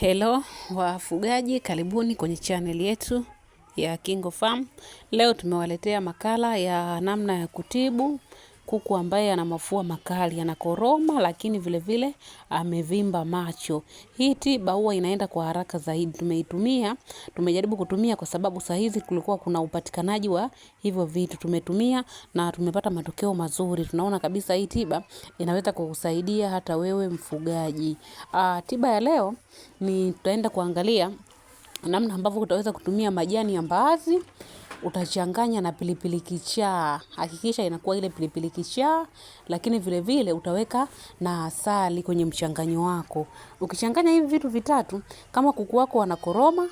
Hello wafugaji, karibuni kwenye chaneli yetu ya Kingo Farm. Leo tumewaletea makala ya namna ya kutibu kuku ambaye ana mafua makali, anakoroma lakini vilevile vile, amevimba macho. Hii tiba huwa inaenda kwa haraka zaidi. Tumeitumia, tumejaribu kutumia kwa sababu saa hizi kulikuwa kuna upatikanaji wa hivyo vitu. Tumetumia na tumepata matokeo mazuri. Tunaona kabisa hii tiba inaweza kukusaidia hata wewe mfugaji. Ah, tiba ya leo ni tutaenda kuangalia namna ambavyo utaweza kutumia majani ya mbaazi utachanganya na pilipili kichaa. Hakikisha inakuwa ile pilipili kichaa, lakini vile vile utaweka na asali kwenye mchanganyo wako. Ukichanganya hivi vitu vitatu, kama kuku wako wanakoroma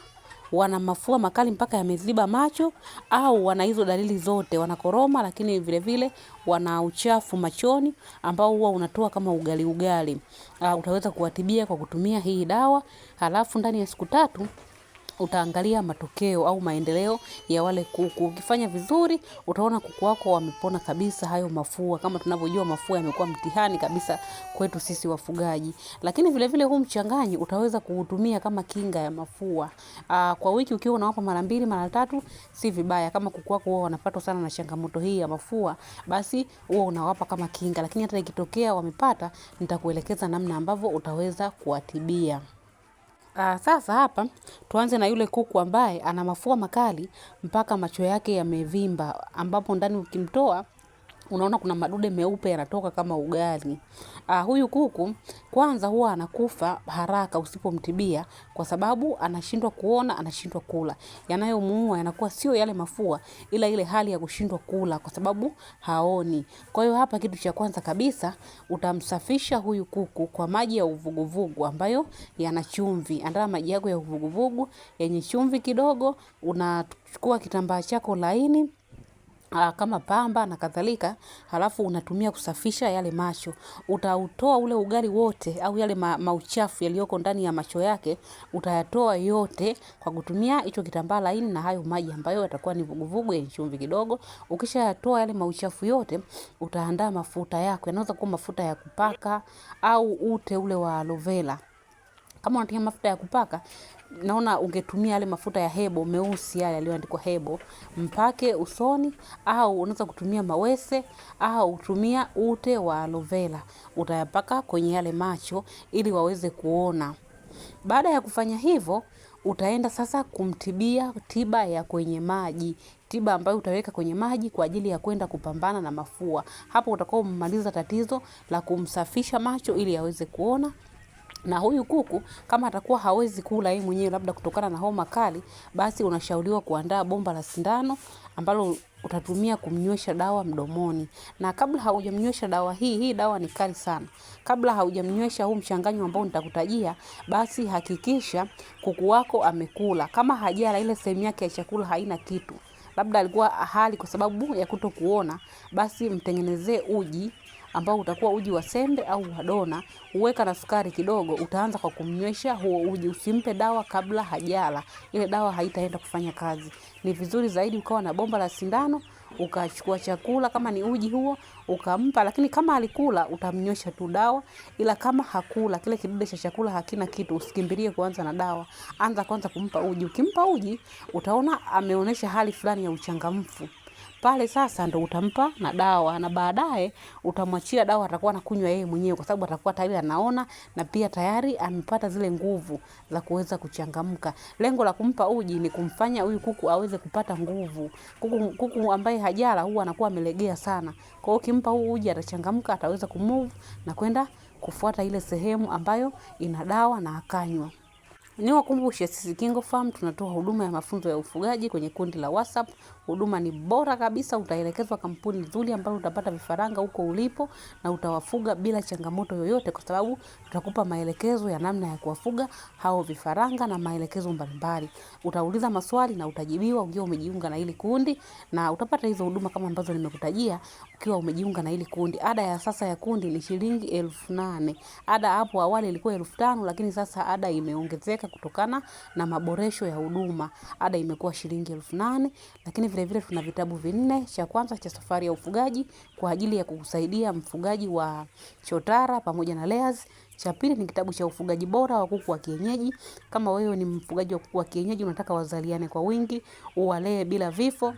wana mafua makali mpaka yameziba macho, au wana hizo dalili zote, wanakoroma lakini vile vile wana uchafu machoni ambao huwa unatoa kama ugali ugali. Uh, utaweza kuwatibia kwa kutumia hii dawa, halafu ndani ya siku tatu utaangalia matokeo au maendeleo ya wale kuku. Ukifanya vizuri, utaona kuku wako wamepona kabisa hayo mafua. Kama tunavyojua, mafua yamekuwa mtihani kabisa kwetu sisi wafugaji, lakini vile vile huu mchanganyi utaweza kuutumia kama kinga ya mafua. Aa, ah, kwa wiki ukiwa unawapa mara mbili mara tatu si vibaya. Kama kuku wako wao wanapatwa sana na changamoto hii ya mafua, basi huwa unawapa kama kinga, lakini hata ikitokea wamepata, nitakuelekeza namna ambavyo utaweza kuwatibia. Uh, sasa hapa tuanze na yule kuku ambaye ana mafua makali mpaka macho yake yamevimba, ambapo ndani ukimtoa unaona kuna madude meupe yanatoka kama ugali. Ah, huyu kuku kwanza huwa anakufa haraka usipomtibia kwa sababu anashindwa kuona, anashindwa kula. Yanayomuua yanakuwa sio yale mafua ila ile hali ya kushindwa kula kwa sababu haoni. Kwa hiyo hapa kitu cha kwanza kabisa utamsafisha huyu kuku kwa maji ya uvuguvugu ambayo yana chumvi. Andaa maji yako ya uvuguvugu yenye chumvi kidogo, unachukua kitambaa chako laini Ah, kama pamba na kadhalika, halafu unatumia kusafisha yale macho. Utautoa ule ugali wote au yale ma, mauchafu yaliyoko ndani ya macho yake utayatoa yote kwa kutumia hicho kitambaa laini na hayo maji ambayo yatakuwa ni vuguvugu yenye chumvi kidogo. Ukishayatoa yale mauchafu yote, utaandaa mafuta yako, yanaweza kuwa mafuta ya kupaka au ute ule wa aloe vera. Kama unatumia mafuta ya kupaka, naona ungetumia yale mafuta ya hebo meusi yale yaliyoandikwa hebo, mpake usoni, au unaweza kutumia mawese au utumia ute wa aloe vera, utayapaka kwenye yale macho ili waweze kuona. Baada ya kufanya hivyo, utaenda sasa kumtibia tiba ya kwenye maji, tiba ambayo utaweka kwenye maji kwa ajili ya kwenda kupambana na mafua. Hapo utakuwa umemaliza tatizo la kumsafisha macho ili aweze kuona na huyu kuku kama atakuwa hawezi kula yeye mwenyewe, labda kutokana na homa kali, basi unashauriwa kuandaa bomba la sindano ambalo utatumia kumnywesha dawa mdomoni. Na kabla haujamnywesha dawa hii, hii dawa ni kali sana. Kabla haujamnywesha huu mchanganyo ambao nitakutajia, basi hakikisha kuku wako amekula. Kama hajala, ile sehemu yake ya chakula haina kitu, labda alikuwa hali kwa sababu ya kutokuona, basi mtengenezee uji ambao utakuwa uji wa sembe au wa dona, uweka na sukari kidogo. Utaanza kwa kumnywesha huo uji, usimpe dawa kabla hajala, ile dawa haitaenda kufanya kazi. Ni vizuri zaidi ukawa na bomba la sindano ukachukua chakula kama ni uji huo ukampa, lakini kama alikula utamnywesha tu dawa, ila kama hakula, kile kidude cha chakula hakina kitu, usikimbilie kuanza na dawa. Anza kwanza kumpa uji. Ukimpa uji, utaona ameonyesha hali fulani ya uchangamfu pale sasa ndo utampa na dawa, na baadaye utamwachia dawa, atakuwa anakunywa yeye mwenyewe, kwa sababu atakuwa tayari anaona na pia tayari amepata zile nguvu za kuweza kuchangamka. Lengo la kumpa uji ni kumfanya huyu kuku aweze kupata nguvu. Kuku, kuku ambaye hajala huwa anakuwa amelegea sana, kwa hiyo ukimpa huu uji atachangamka, ataweza kumove na kwenda kufuata ile sehemu ambayo ina dawa na akanywa. Ni wakumbushe sisi Kingo Farm tunatoa huduma ya mafunzo ya ufugaji kwenye kundi la WhatsApp. Huduma ni bora kabisa, utaelekezwa kampuni nzuri ambayo utapata vifaranga huko ulipo na utawafuga bila changamoto yoyote, kwa sababu tutakupa maelekezo ya namna ya kuwafuga hao vifaranga na maelekezo mbalimbali. Utauliza maswali na utajibiwa ukiwa umejiunga na hili kundi, na utapata hizo huduma kama ambazo nimekutajia ukiwa umejiunga na hili kundi. Ada ya sasa ya kundi ni shilingi elfu nane. Ada hapo awali ilikuwa elfu tano, lakini sasa ada imeongezeka sasa kutokana na maboresho ya huduma. Ada imekuwa shilingi elfu nane lakini vile vile tuna vitabu vinne, cha kwanza cha safari ya ufugaji kwa ajili ya kukusaidia mfugaji wa chotara pamoja na layers. Cha pili ni kitabu cha ufugaji bora wa kuku wa kienyeji. Kama wewe ni mfugaji wa kuku wa kienyeji unataka wazaliane kwa wingi, uwalee bila vifo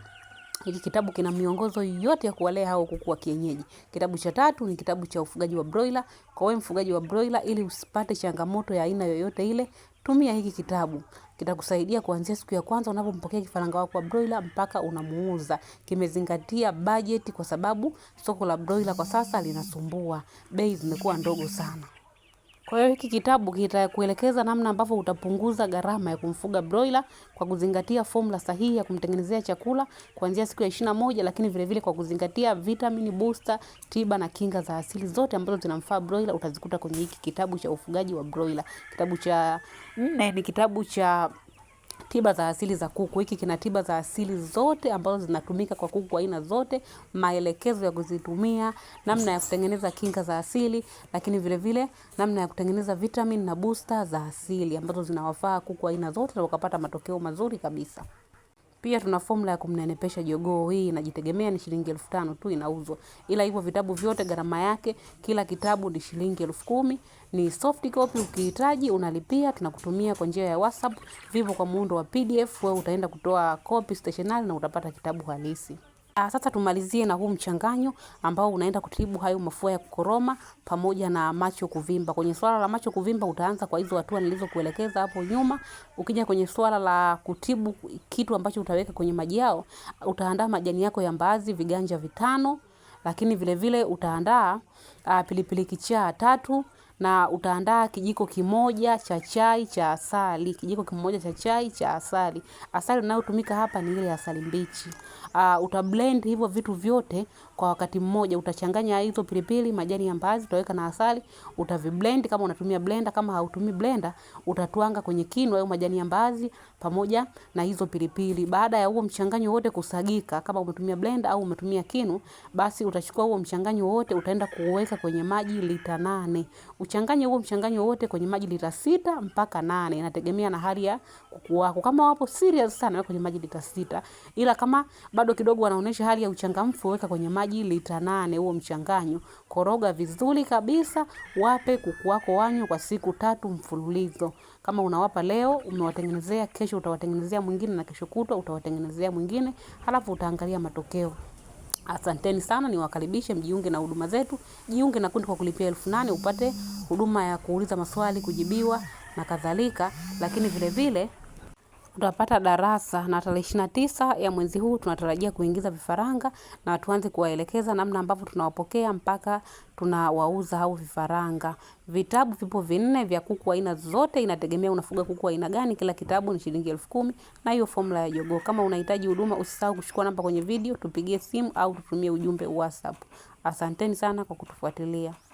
hiki kitabu kina miongozo yote ya kuwalea hao kuku wa kienyeji. Kitabu cha tatu ni kitabu cha ufugaji wa broiler. Kwa wewe mfugaji wa broiler, ili usipate changamoto ya aina yoyote ile, Tumia hiki kitabu. Kitakusaidia kuanzia siku ya kwanza unapompokea kifaranga wako wa broiler mpaka unamuuza. Kimezingatia bajeti kwa sababu soko la broiler kwa sasa linasumbua. Bei zimekuwa ndogo sana. Kwa hiyo hiki kitabu kitakuelekeza namna ambavyo utapunguza gharama ya kumfuga broiler kwa kuzingatia formula sahihi ya kumtengenezea chakula kuanzia siku ya ishirini na moja, lakini vile vile kwa kuzingatia vitamin booster, tiba na kinga za asili zote ambazo zinamfaa broiler utazikuta kwenye hiki kitabu cha ufugaji wa broiler. Kitabu cha nne ni kitabu cha tiba za asili za kuku. Hiki kina tiba za asili zote ambazo zinatumika kwa kuku aina zote, maelekezo ya kuzitumia, namna ya kutengeneza kinga za asili, lakini vile vile namna ya kutengeneza vitamin na booster za asili ambazo zinawafaa kuku aina zote na ukapata matokeo mazuri kabisa. Pia tuna formula ya kumnenepesha jogoo, hii inajitegemea, ni shilingi elfu tano tu inauzwa, ila hivyo vitabu vyote gharama yake kila kitabu ni shilingi elfu kumi. Ni soft copy, ukihitaji unalipia, tunakutumia kwa njia ya WhatsApp. Vipo kwa muundo wa PDF, wewe utaenda kutoa copy stationery na utapata kitabu halisi. Ah, sasa tumalizie na huu mchanganyo ambao unaenda kutibu hayo mafua ya kukoroma pamoja na macho kuvimba. Kwenye swala la macho kuvimba utaanza kwa hizo hatua nilizokuelekeza hapo nyuma. Ukija kwenye swala la kutibu kitu ambacho utaweka kwenye maji yao, utaandaa majani yako ya mbaazi viganja vitano, lakini vile vile utaandaa ah, pilipili kichaa tatu na utaandaa kijiko kimoja cha chai cha asali, kijiko kimoja cha chai cha asali. Asali inayotumika hapa ni ile asali mbichi. Uh, ah, utablend hivyo vitu vyote kwa wakati mmoja. Utachanganya hizo pilipili, majani ya mbaazi, utaweka na asali, utaviblend kama unatumia blender. Kama hautumii blender, utatwanga kwenye kinu au majani ya mbaazi pamoja na hizo pilipili. Baada ya huo mchanganyo wote kusagika, kama umetumia blender au umetumia kinu, basi utachukua huo mchanganyo wote utaenda kuweka kwenye maji lita nane. Uchanganye huo mchanganyo wote kwenye maji lita sita mpaka nane, inategemea na hali ya kuku wako. Kama wapo serious sana, weka kwenye maji lita sita, ila kama bado kidogo wanaonesha hali ya uchangamfu, weka kwenye maji maji lita nane huo mchanganyo. Koroga vizuri kabisa, wape kuku wako wanywe kwa siku tatu mfululizo. Kama unawapa leo, umewatengenezea kesho, utawatengenezea mwingine, na kesho kutwa utawatengenezea mwingine, halafu utaangalia matokeo. Asanteni sana, niwakaribishe mjiunge na huduma zetu. Jiunge na kundi kwa kulipia elfu nane upate huduma ya kuuliza maswali, kujibiwa na kadhalika, lakini vilevile vile, tutapata darasa na tarehe ishirini na tisa ya mwezi huu tunatarajia kuingiza vifaranga na tuanze kuwaelekeza namna ambavyo tunawapokea mpaka tunawauza au vifaranga. Vitabu vipo vinne vya kuku aina zote, inategemea unafuga kuku aina gani. Kila kitabu ni shilingi elfu kumi na hiyo fomula ya jogoo. Kama unahitaji huduma, usisahau kuchukua namba kwenye video, tupigie simu au tutumie ujumbe WhatsApp. Asanteni sana kwa kutufuatilia.